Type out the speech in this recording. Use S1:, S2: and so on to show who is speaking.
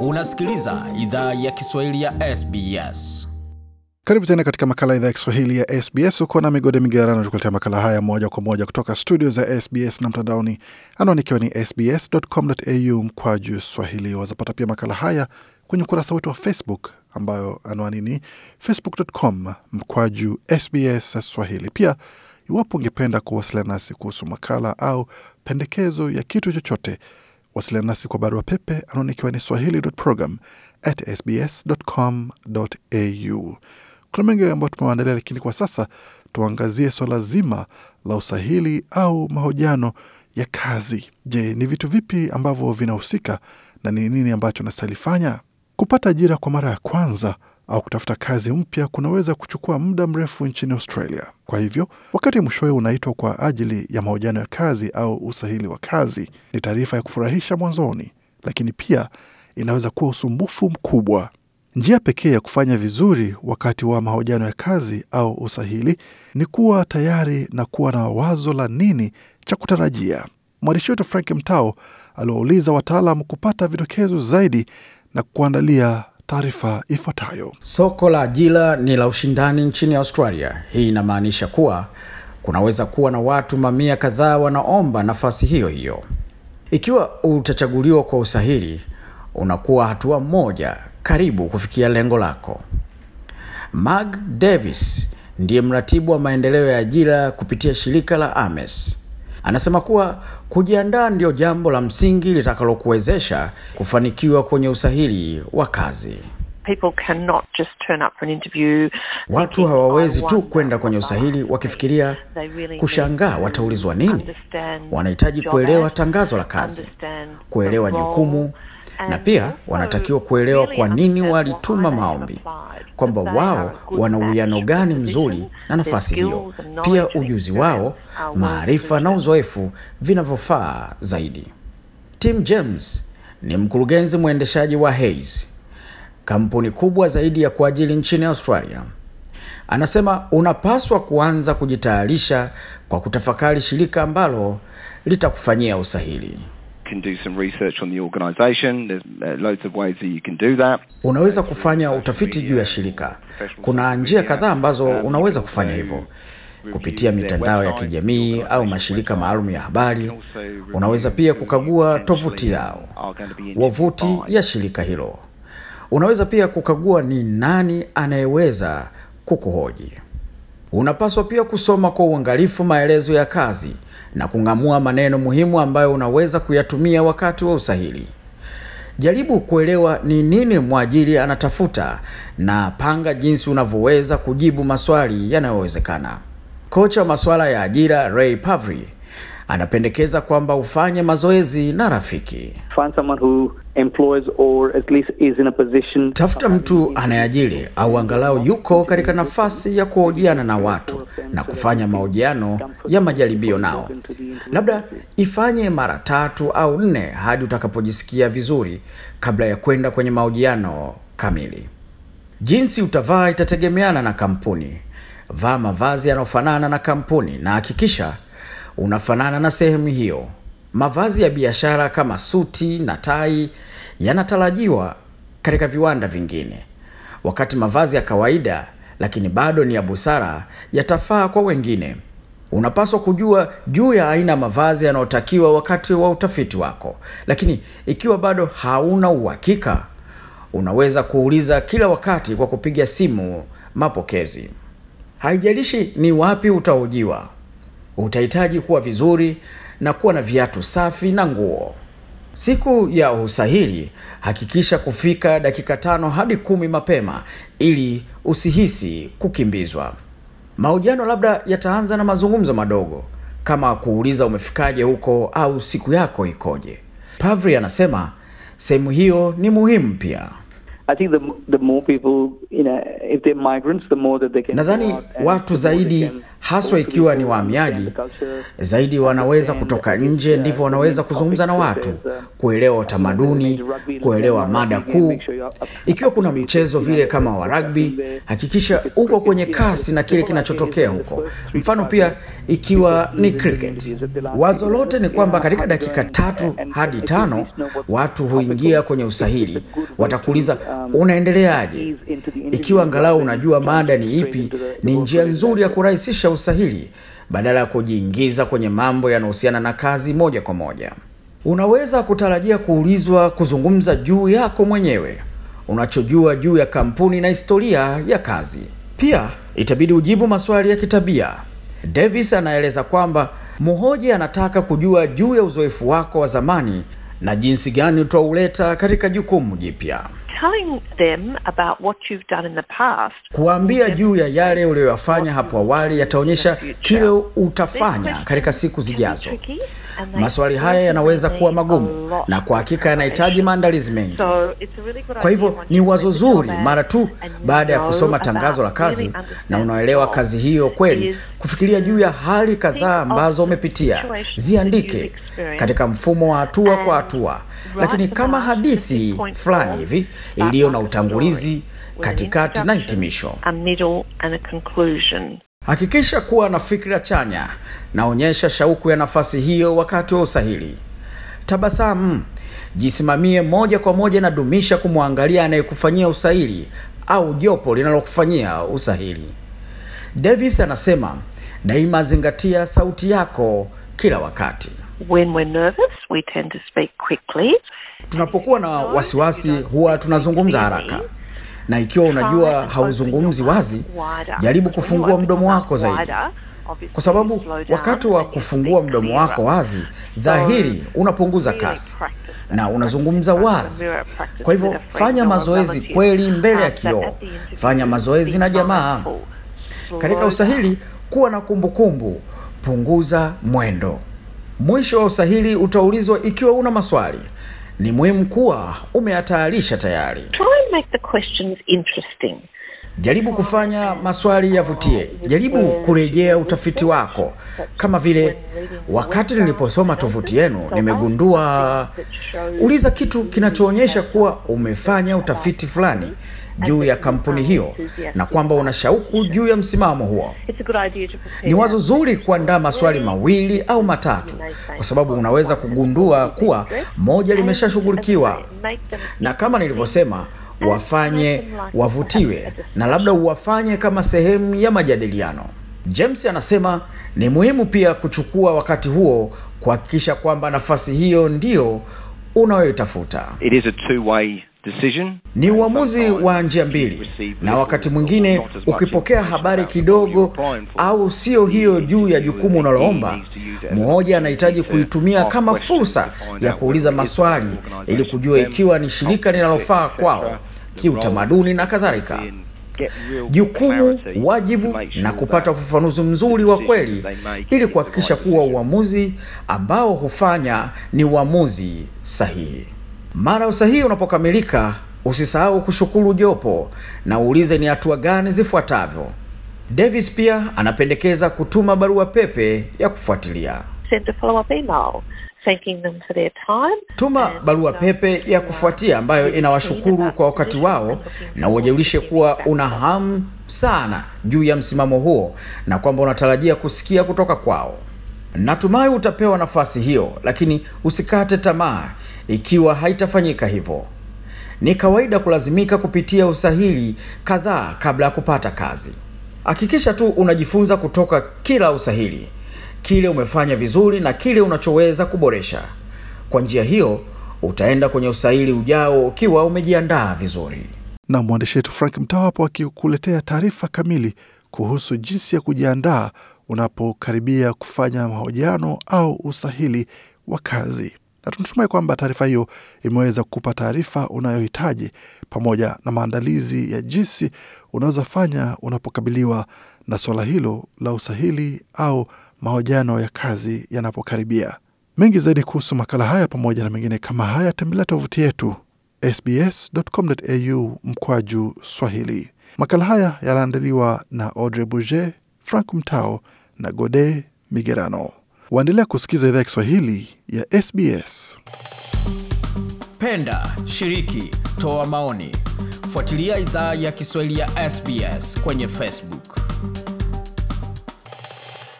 S1: Unasikiliza idhaa ya Kiswahili ya SBS.
S2: Karibu tena katika makala idhaa ya Kiswahili ya SBS. Uko na Migode Migerano tukuletea makala haya moja kwa moja kutoka studio za SBS na mtandaoni, anwani ikiwa ni sbs.com.au juu swahili. Wazapata pia makala haya kwenye ukurasa wetu wa Facebook ambayo anwani ni facebook.com juu SBS Swahili. Pia iwapo ungependa kuwasiliana nasi kuhusu makala au pendekezo ya kitu chochote Wasiliana nasi kwa barua pepe anaona ikiwa ni swahili.program at sbs.com.au. Kuna mengi ambayo tumewaandalia, lakini kwa sasa tuangazie swala zima la usahili au mahojiano ya kazi. Je, ni vitu vipi ambavyo vinahusika na ni nini ambacho nastahili fanya kupata ajira kwa mara ya kwanza? au kutafuta kazi mpya kunaweza kuchukua muda mrefu nchini Australia. Kwa hivyo, wakati mwishowe unaitwa kwa ajili ya mahojiano ya kazi au usahili wa kazi, ni taarifa ya kufurahisha mwanzoni, lakini pia inaweza kuwa usumbufu mkubwa. Njia pekee ya kufanya vizuri wakati wa mahojiano ya kazi au usahili ni kuwa tayari na kuwa na wazo la nini cha kutarajia. Mwandishi wetu Frank Mtao aliwauliza wataalam kupata vidokezo zaidi na kuandalia taarifa ifuatayo. Soko la ajira ni la ushindani
S1: nchini Australia. Hii inamaanisha kuwa kunaweza kuwa na watu mamia kadhaa wanaomba nafasi hiyo hiyo. Ikiwa utachaguliwa kwa usahili, unakuwa hatua moja karibu kufikia lengo lako. Mag Davis ndiye mratibu wa maendeleo ya ajira kupitia shirika la AMES. Anasema kuwa Kujiandaa ndio jambo la msingi litakalokuwezesha kufanikiwa kwenye usahili wa kazi. Watu hawawezi tu kwenda kwenye usahili wakifikiria kushangaa wataulizwa nini. Wanahitaji kuelewa tangazo la kazi, kuelewa jukumu, na pia wanatakiwa kuelewa kwa nini walituma maombi, kwamba wao wana uwiano gani mzuri na nafasi hiyo, pia ujuzi wao, maarifa na uzoefu vinavyofaa zaidi. Tim James ni mkurugenzi mwendeshaji wa Hays, kampuni kubwa zaidi ya kuajili nchini Australia. Anasema unapaswa kuanza kujitayarisha kwa kutafakari shirika ambalo litakufanyia usahili can do some research on the organization. There's uh, loads of ways that you can do that. Unaweza kufanya utafiti juu ya shirika. Kuna njia kadhaa ambazo unaweza kufanya hivyo kupitia mitandao ya kijamii au mashirika maalum ya habari. Unaweza pia kukagua tovuti yao, wavuti ya shirika hilo. Unaweza pia kukagua ni nani anayeweza kukuhoji. Unapaswa pia kusoma kwa uangalifu maelezo ya kazi na kung'amua maneno muhimu ambayo unaweza kuyatumia wakati wa usahili jaribu kuelewa ni nini mwajiri anatafuta na panga jinsi unavyoweza kujibu maswali yanayowezekana kocha wa masuala ya ajira ray pavry anapendekeza kwamba ufanye mazoezi na rafiki. Find someone who employs or at least is in a position... Tafuta mtu anayeajiri au angalau yuko katika nafasi ya kuhojiana na watu na kufanya mahojiano ya majaribio nao, labda ifanye mara tatu au nne hadi utakapojisikia vizuri kabla ya kwenda kwenye mahojiano kamili. Jinsi utavaa itategemeana na kampuni. Vaa mavazi yanayofanana na kampuni na hakikisha unafanana na sehemu hiyo. Mavazi ya biashara kama suti na tai yanatarajiwa katika viwanda vingine, wakati mavazi ya kawaida lakini bado ni ya busara yatafaa kwa wengine. Unapaswa kujua juu ya aina ya mavazi yanayotakiwa wakati wa utafiti wako, lakini ikiwa bado hauna uhakika, unaweza kuuliza kila wakati kwa kupiga simu mapokezi. Haijalishi ni wapi utaojiwa utahitaji kuwa vizuri na kuwa na viatu safi na nguo. Siku ya usahili, hakikisha kufika dakika tano hadi kumi mapema ili usihisi kukimbizwa. Mahojiano labda yataanza na mazungumzo madogo kama kuuliza umefikaje huko au siku yako ikoje. Pavri anasema sehemu hiyo ni muhimu pia. Nadhani watu zaidi haswa ikiwa ni wahamiaji zaidi, wanaweza kutoka nje, ndivyo wanaweza kuzungumza na watu, kuelewa utamaduni, kuelewa mada kuu. Ikiwa kuna mchezo vile kama wa rugby, hakikisha uko kwenye kasi na kile kinachotokea huko. Mfano pia ikiwa ni cricket, wazo lote ni kwamba katika dakika tatu hadi tano watu huingia kwenye usahili, watakuuliza unaendeleaje. Ikiwa angalau unajua mada ni ipi, ni njia nzuri ya kurahisisha kuonyesha usahili badala ya kujiingiza kwenye mambo yanayohusiana na kazi moja kwa moja. Unaweza kutarajia kuulizwa kuzungumza juu yako mwenyewe, unachojua juu ya kampuni na historia ya kazi. Pia itabidi ujibu maswali ya kitabia. Davis anaeleza kwamba mhoji anataka kujua juu ya uzoefu wako wa zamani na jinsi gani utauleta katika jukumu jipya
S2: telling them about what you've done in the past,
S1: kuwaambia juu ya yale uliyoyafanya hapo awali yataonyesha kile utafanya katika siku zijazo. Maswali haya yanaweza kuwa magumu na kwa hakika yanahitaji maandalizi mengi. Kwa hivyo ni wazo zuri mara tu baada ya kusoma tangazo la kazi na unaelewa kazi hiyo kweli, kufikiria juu ya hali kadhaa ambazo umepitia, ziandike katika mfumo wa hatua kwa hatua, lakini kama hadithi fulani hivi Ah, iliyo na utangulizi, katikati na hitimisho. Hakikisha kuwa na fikra chanya, naonyesha shauku ya nafasi hiyo wakati wa usahili. Tabasamu, jisimamie moja kwa moja na dumisha kumwangalia anayekufanyia usahili au jopo linalokufanyia usahili. Davis anasema daima zingatia sauti yako kila wakati. When we're nervous, we tend to speak quickly. Tunapokuwa na wasiwasi, huwa tunazungumza haraka, na ikiwa unajua hauzungumzi wazi,
S2: jaribu kufungua
S1: mdomo wako zaidi, kwa sababu wakati wa kufungua mdomo wako wazi, dhahiri unapunguza kasi na unazungumza wazi. Kwa hivyo fanya mazoezi kweli mbele ya kioo, fanya mazoezi na jamaa. Katika usahili, kuwa na kumbukumbu kumbu, punguza mwendo. Mwisho wa usahili utaulizwa ikiwa una maswali ni muhimu kuwa umeyatayarisha tayari. Try
S2: and make the questions
S1: interesting. Jaribu kufanya maswali yavutie, jaribu kurejea utafiti wako, kama vile wakati niliposoma tovuti yenu nimegundua. Uliza kitu kinachoonyesha kuwa umefanya utafiti fulani juu ya kampuni hiyo na kwamba una shauku juu ya msimamo huo. Ni wazo zuri kuandaa maswali mawili au matatu, kwa sababu unaweza kugundua kuwa moja limeshashughulikiwa, na kama nilivyosema wafanye wavutiwe na labda uwafanye kama sehemu ya majadiliano. James anasema ni muhimu pia kuchukua wakati huo kuhakikisha kwamba nafasi hiyo ndiyo unayoitafuta. It is a two-way decision. Ni uamuzi wa njia mbili, na wakati mwingine ukipokea habari kidogo au sio hiyo juu ya jukumu unaloomba, mmoja anahitaji kuitumia kama fursa ya kuuliza maswali ili kujua ikiwa ni shirika linalofaa kwao kiutamaduni na kadhalika. Jukumu, wajibu na kupata ufafanuzi mzuri wa kweli ili kuhakikisha kuwa uamuzi ambao hufanya ni uamuzi sahihi. Mara usahihi unapokamilika, usisahau kushukuru jopo na uulize ni hatua gani zifuatavyo. Davis pia anapendekeza kutuma barua pepe ya kufuatilia.
S2: Send a follow-up email thanking them for their time.
S1: Tuma barua uh, pepe ya kufuatia uh, ambayo inawashukuru kwa wakati wao na uwajulishe kuwa una hamu sana juu ya msimamo huo na kwamba unatarajia kusikia kutoka kwao. Natumai utapewa nafasi hiyo, lakini usikate tamaa ikiwa haitafanyika hivyo. Ni kawaida kulazimika kupitia usahili kadhaa kabla ya kupata kazi. Hakikisha tu unajifunza kutoka kila usahili kile umefanya vizuri na kile unachoweza kuboresha. Kwa njia hiyo utaenda kwenye usaili ujao ukiwa umejiandaa
S2: vizuri. Na mwandishi wetu Frank Mtawapo akikuletea taarifa kamili kuhusu jinsi ya kujiandaa unapokaribia kufanya mahojiano au usahili wa kazi. Na tunatumai kwamba taarifa hiyo imeweza kukupa taarifa unayohitaji pamoja na maandalizi ya jinsi unawezafanya unapokabiliwa na swala hilo la usahili au mahojiano ya kazi yanapokaribia. Mengi zaidi kuhusu makala haya pamoja na mengine kama haya, tembelea tovuti yetu sbs.com.au mkwaju Swahili. Makala haya yanaandaliwa na Audrey Bouget, Frank Mtao na Gode Migerano. Waendelea kusikiza idhaa ya Kiswahili ya SBS.
S1: Penda, shiriki, toa maoni, fuatilia idhaa ya Kiswahili ya SBS kwenye Facebook.